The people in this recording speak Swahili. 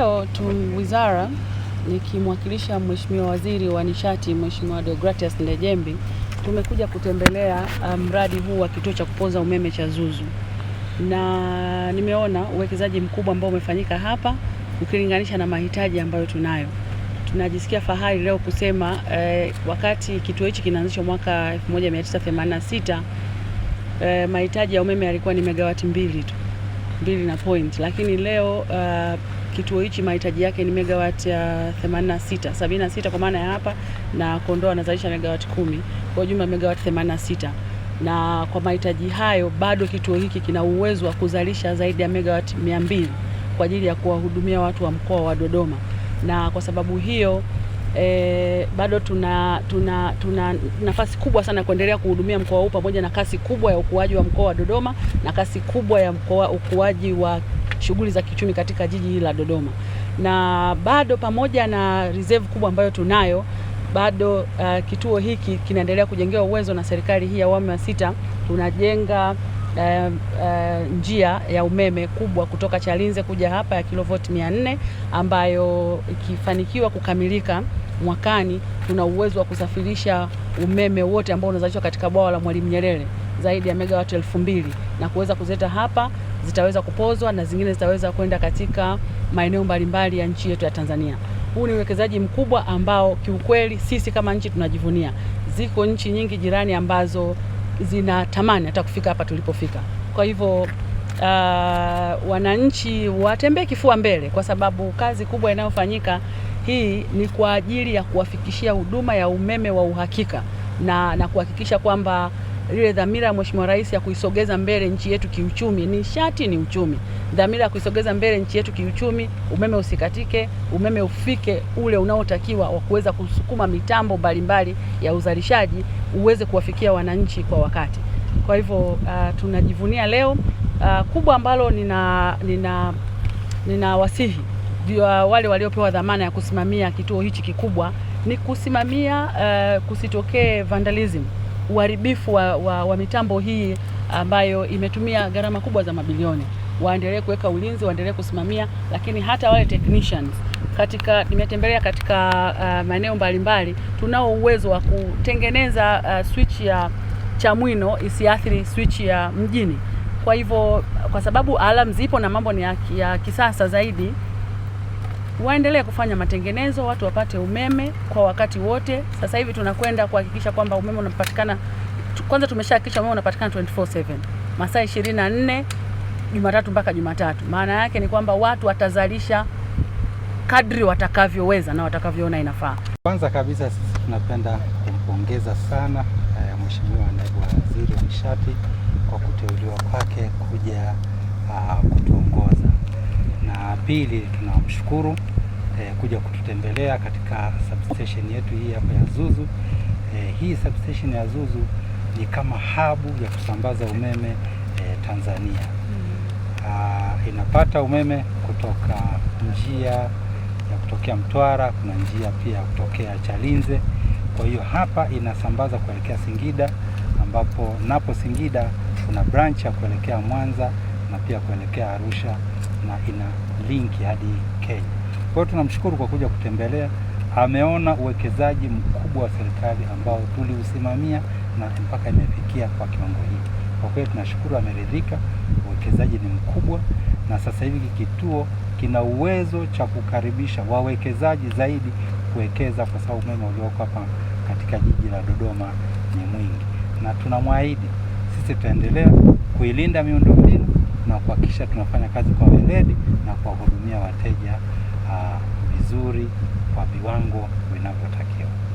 Leo tu wizara nikimwakilisha Mheshimiwa Waziri wa Nishati, Mheshimiwa Deogratias Ndejembi, tumekuja kutembelea uh, mradi um, huu wa kituo cha kupoza umeme cha Zuzu, na nimeona uwekezaji mkubwa ambao umefanyika hapa ukilinganisha na mahitaji ambayo tunayo. Tunajisikia fahari leo kusema eh, wakati kituo hichi kinaanzishwa mwaka 1986 eh, uh, mahitaji ya umeme yalikuwa ni megawati mbili tu mbili na point, lakini leo uh, kituo hichi mahitaji yake ni megawati ya 86 76 kwa maana ya hapa na Kondoa anazalisha megawati kumi kwa jumla megawati 86 na kwa mahitaji hayo bado kituo hiki kina uwezo wa kuzalisha zaidi ya megawati mbili kwa ajili ya kuwahudumia watu wa mkoa wa Dodoma, na kwa sababu hiyo e, bado tuna, tuna, tuna nafasi kubwa sana ya kuendelea kuhudumia mkoa huu pamoja na kasi kubwa ya ukuaji wa mkoa wa Dodoma na kasi kubwa ya mkoa ukuaji wa shughuli za kiuchumi katika jiji hili la Dodoma, na bado pamoja na reserve kubwa ambayo tunayo bado uh, kituo hiki kinaendelea kujengewa uwezo na serikali hii ya awamu ya sita. Tunajenga uh, uh, njia ya umeme kubwa kutoka Chalinze kuja hapa ya kilovoti 400 ambayo ikifanikiwa kukamilika mwakani, tuna uwezo wa kusafirisha umeme wote ambao unazalishwa katika bwawa la Mwalimu Nyerere zaidi ya megawati elfu mbili na kuweza kuzeta hapa zitaweza kupozwa na zingine zitaweza kwenda katika maeneo mbalimbali ya nchi yetu ya Tanzania. Huu ni uwekezaji mkubwa ambao kiukweli sisi kama nchi tunajivunia. Ziko nchi nyingi jirani ambazo zinatamani hata kufika hapa tulipofika. Kwa hivyo uh, wananchi watembee kifua mbele, kwa sababu kazi kubwa inayofanyika hii ni kwa ajili ya kuwafikishia huduma ya umeme wa uhakika na, na kuhakikisha kwamba ile dhamira ya Mheshimiwa Rais ya kuisogeza mbele nchi yetu kiuchumi. Nishati ni uchumi, dhamira ya kuisogeza mbele nchi yetu kiuchumi, umeme usikatike, umeme ufike ule unaotakiwa wa kuweza kusukuma mitambo mbalimbali ya uzalishaji uweze kuwafikia wananchi kwa wakati. Kwa hivyo uh, tunajivunia leo uh, kubwa ambalo nina nina ninawasihi uh, wale waliopewa dhamana ya kusimamia kituo hichi kikubwa ni kusimamia uh, kusitokee vandalism uharibifu wa, wa, wa mitambo hii ambayo imetumia gharama kubwa za mabilioni, waendelee kuweka ulinzi, waendelee kusimamia, lakini hata wale technicians katika nimetembelea katika uh, maeneo mbalimbali, tunao uwezo wa kutengeneza uh, switch ya Chamwino isiathiri switch ya mjini. Kwa hivyo, kwa sababu alam zipo na mambo ni ya, ya kisasa zaidi waendelee kufanya matengenezo, watu wapate umeme kwa wakati wote. Sasa hivi tunakwenda kuhakikisha kwamba umeme unapatikana, kwanza tumeshahakikisha umeme unapatikana 24/7 masaa 24 Jumatatu mpaka Jumatatu. Maana yake ni kwamba watu watazalisha kadri watakavyoweza na watakavyoona inafaa. Kwanza kabisa sisi tunapenda kumpongeza sana uh, Mheshimiwa Naibu Waziri wa Nishati kwa kuteuliwa kwake kuja uh, kutu na pili tunamshukuru eh, kuja kututembelea katika substation yetu hii hapa ya Zuzu. Eh, hii substation ya Zuzu ni kama habu ya kusambaza umeme eh, Tanzania. Ah, inapata umeme kutoka njia ya kutokea Mtwara, kuna njia pia ya kutokea Chalinze. Kwa hiyo hapa inasambaza kuelekea Singida, ambapo napo Singida kuna branch ya kuelekea Mwanza na pia kuelekea Arusha na ina linki hadi Kenya. Kwa hiyo tunamshukuru kwa kuja kutembelea. Ameona uwekezaji mkubwa wa serikali ambao tuliusimamia na mpaka imefikia kwa kiwango hiki. Kwa kweli tunashukuru, ameridhika. Uwekezaji ni mkubwa, na sasa hivi kituo kina uwezo cha kukaribisha wawekezaji zaidi kuwekeza, kwa sababu umeme ulioko hapa katika jiji la Dodoma ni mwingi, na tunamwahidi sisi tutaendelea kuilinda miundombinu kuhakikisha tunafanya kazi kwa weledi na kuwahudumia wateja ah, vizuri kwa viwango vinavyotakiwa.